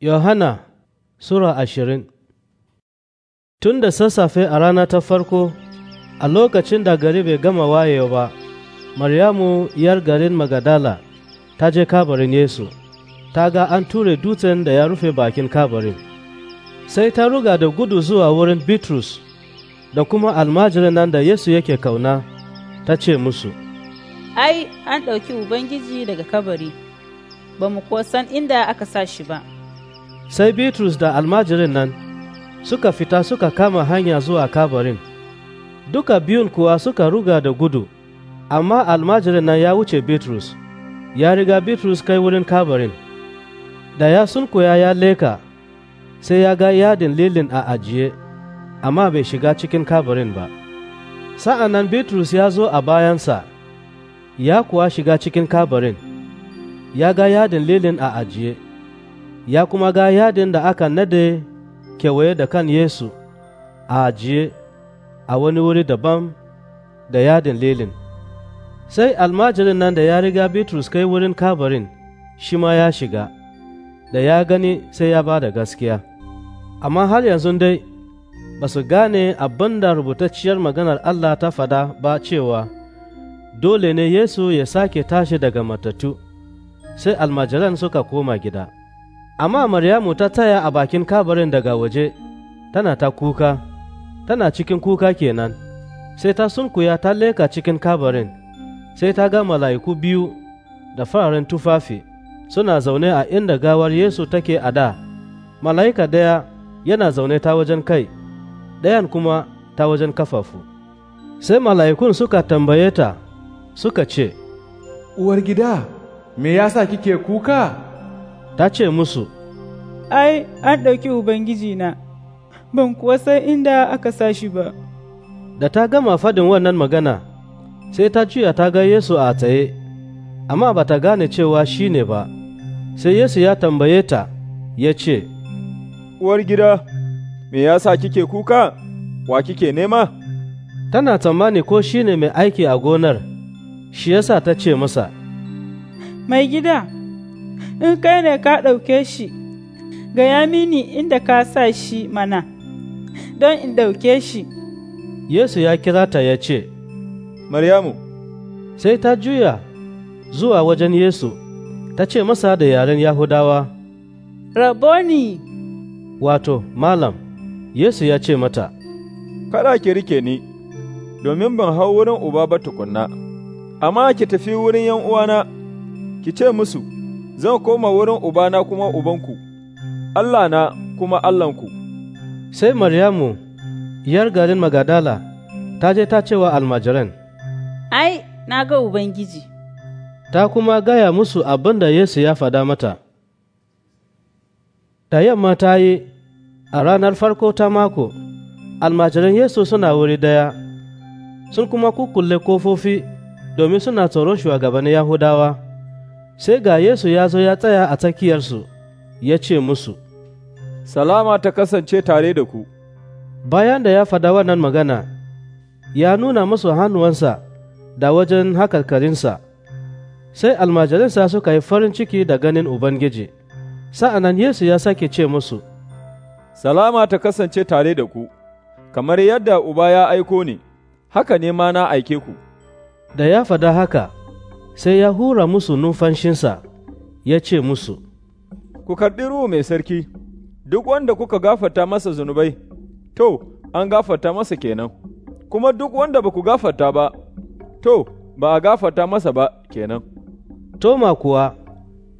Yohana Sura ashirin Tun da sassafe a rana ta farko, a lokacin da gari bai gama wayewa ba, Maryamu yar garin Magadala ta je kabarin Yesu, ta ga an ture dutsen da ya rufe bakin kabarin. Sai ta ruga da gudu zuwa wurin Bitrus da kuma almajirin nan da Yesu yake kauna, ta ce musu, Ai, an ɗauki Ubangiji daga kabari, ba mu san inda aka sa shi ba. sai bitrus da almajirin nan suka fita suka kama hanya zuwa kabarin duka biyun kuwa suka ruga da gudu amma almajirin nan ya wuce bitrus ya riga bitrus kai wurin kabarin da ya sunkuya ya leka sai ya ga yadin lilin a ajiye amma bai shiga cikin kabarin ba sa'an nan bitrus ya zo a bayansa ya kuwa shiga cikin kabarin ya ga yadin lilin a ajiye ya kuma ga yadin da aka nade kewaye da kan Yesu a ajiye a wani wuri daban da yadin lilin. Sai almajirin nan da ya riga Bitrus kai wurin kabarin shi ma ya shiga, da ya gani sai ya ba da gaskiya. Amma har yanzu dai ba su gane abin da rubutacciyar maganar Allah ta fada ba cewa dole ne Yesu ya sake tashi daga matattu, sai almajiran suka koma gida. Amma Maryamu ta taya a bakin kabarin daga waje, tana ta kuka, tana cikin kuka kenan, sai ta sunkuya ta leka cikin kabarin, sai ta ga mala'iku biyu da fararen tufafi suna zaune a inda gawar Yesu take a da, mala'ika ɗaya yana zaune ta wajen kai, ɗayan kuma ta wajen kafafu. Sai mala'ikun suka tambaye ta, suka ce, Uwar gida, me yasa kike kuka? ta ce musu, Ai, an ɗauki Ubangiji na, ban kuwa san inda aka sashi ba. Da ta gama fadin wannan magana, sai ta juya ta ga Yesu a tsaye, amma ba ta gane cewa shi ne ba, sai Yesu ya tambaye ta, ya ce, Uwar gida, me yasa kike kuka, wa kike nema? Tana tsammani ko shi ne mai aiki a gonar, shi yasa ta ce masa, Mai gida, in kai ne ka ɗauke shi gaya mini inda ka sa shi mana don in ɗauke shi yesu ya kira ta ya ce maryamu sai ta juya zuwa wajen yesu ta ce masa da yaren yahudawa raboni wato malam yesu ya ce mata kada ki rike ni domin ban hau wurin uba ba tukunna amma ki tafi wurin yan uwana ki ce musu zan koma wurin Ubana kuma Ubanku, Allah na kuma Allahnku. Sai Maryamu, yar garin Magadala, ta je ta cewa almajiran, Ai, na ga Ubangiji. Ta kuma gaya musu abin da Yesu ya fada mata. Da yamma ta yi, a ranar farko ta mako, almajiran Yesu suna wuri daya, sun kuma kukulle kofofi domin suna tsoron shugabannin Yahudawa. sai ga Yesu ya zo ya tsaya a tsakiyarsu ya ce musu, Salama ta kasance tare da ku. Bayan da ya faɗa wannan magana, ya nuna musu hannuwansa da wajen hakarkarinsa, sai almajirinsa suka yi farin ciki da ganin Ubangiji. Sa'an Yesu ya sake ce musu, Salama ta kasance tare da ku, kamar yadda Uba ya aiko ni, haka ne ma na aike ku. Da ya fada haka, sai ya hura musu numfashinsa ya ce musu, Ku karɓi ruhu mai sarki, duk wanda kuka gafata masa zunubai, to, an gafata masa kenan, kuma duk wanda ba ku gafata ba, to, ba a gafata masa ba kenan. Toma kuwa,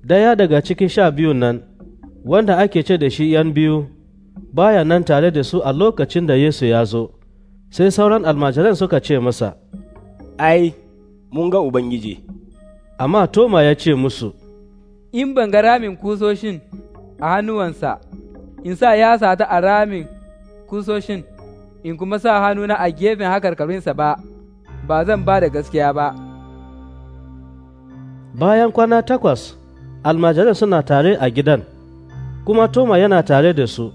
daya daga cikin sha biyun nan, wanda ake ce da shi ‘yan biyu, baya nan tare da su a lokacin da Yesu ya zo, sai sauran almajiran suka ce masa, Ai, mun ga Ubangiji. Amma Toma ya ce musu, In ban ga ramin kusoshin a hannuwansa, in sa ya sata a ramin kusoshin, in kuma sa hannuna a gefen hakarkarinsa ba, ba zan ba da gaskiya ba. Bayan kwana takwas, almajiran suna tare a gidan, kuma Toma yana tare da su,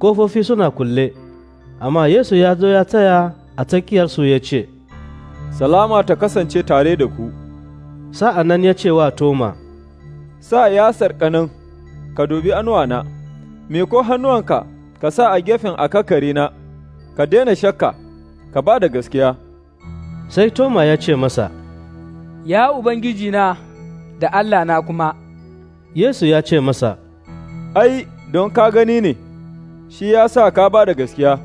kofofi suna kulle, amma Yesu ya zo ya tsaya a tsakiyarsu ya ce, Salama ta kasance tare da ku. sa'an nan ya ce wa Toma, Sa yasar kanin, ka dubi anuwana, me ko hannuwanka ka sa a gefen na. ka daina shakka, ka ba da gaskiya. Sai Toma ya ce masa, Ya na da Allah na kuma. Yesu ya ce masa, Ai, don ka gani ne, shi ya sa ka ba da gaskiya,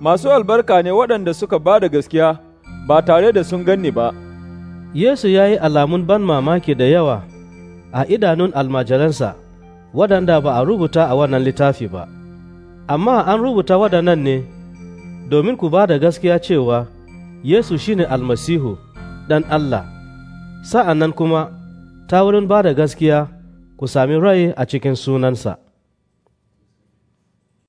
masu albarka ne waɗanda suka ba da gaskiya ba tare da sun ganni ba. Yesu ya yi alamun ban mamaki da yawa a idanun almajiransa waɗanda ba a rubuta a wannan littafi ba, amma an rubuta waɗannan ne domin ku ba da gaskiya cewa Yesu shine almasihu ɗan Allah, sa'an nan kuma ta wurin ba da gaskiya ku sami rai a cikin sunansa.